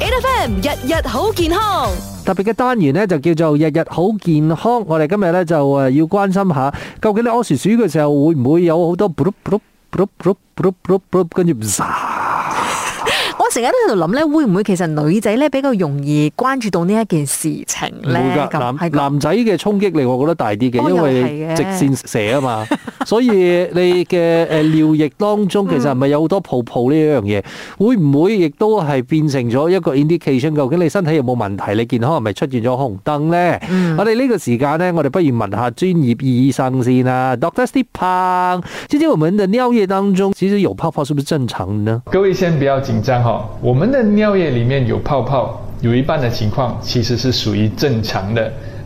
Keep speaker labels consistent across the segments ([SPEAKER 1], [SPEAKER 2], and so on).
[SPEAKER 1] A F M 日日好健康，
[SPEAKER 2] 特別嘅單元咧就叫做日日好健康。我哋今日咧就誒要關心下，究竟你屙屎屎嘅時候會唔會有好多噗噗噗噗噗噗噗跟住唔散？嘟嘟
[SPEAKER 1] 我成日都喺度諗咧，會唔會其實女仔咧比較容易關注到呢一件
[SPEAKER 2] 事情咧？男男仔嘅衝擊力，我覺得大啲嘅、嗯，因為直線射啊嘛。啊 所以你嘅尿液當中其實係咪有好多泡泡呢一樣嘢、嗯？會唔會亦都係變成咗一個 indication？究竟你身體有冇問題？你健康係咪出現咗紅燈咧、嗯？我哋呢個時間咧，我哋不如問下專業醫生先啦，Doctor Steve Pang。至、嗯、我們的尿液當中，其實有泡泡是不是正常呢？各位先不要緊張哈，我們的尿液裏面有泡泡，有一半的情況其實是屬於正常的。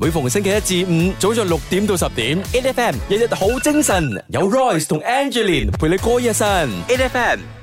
[SPEAKER 1] 每逢星期一至五，早上六點到十點，A F M 日日
[SPEAKER 2] 好精神，有 Royce 同 Angeline 陪你過一晨，A F M。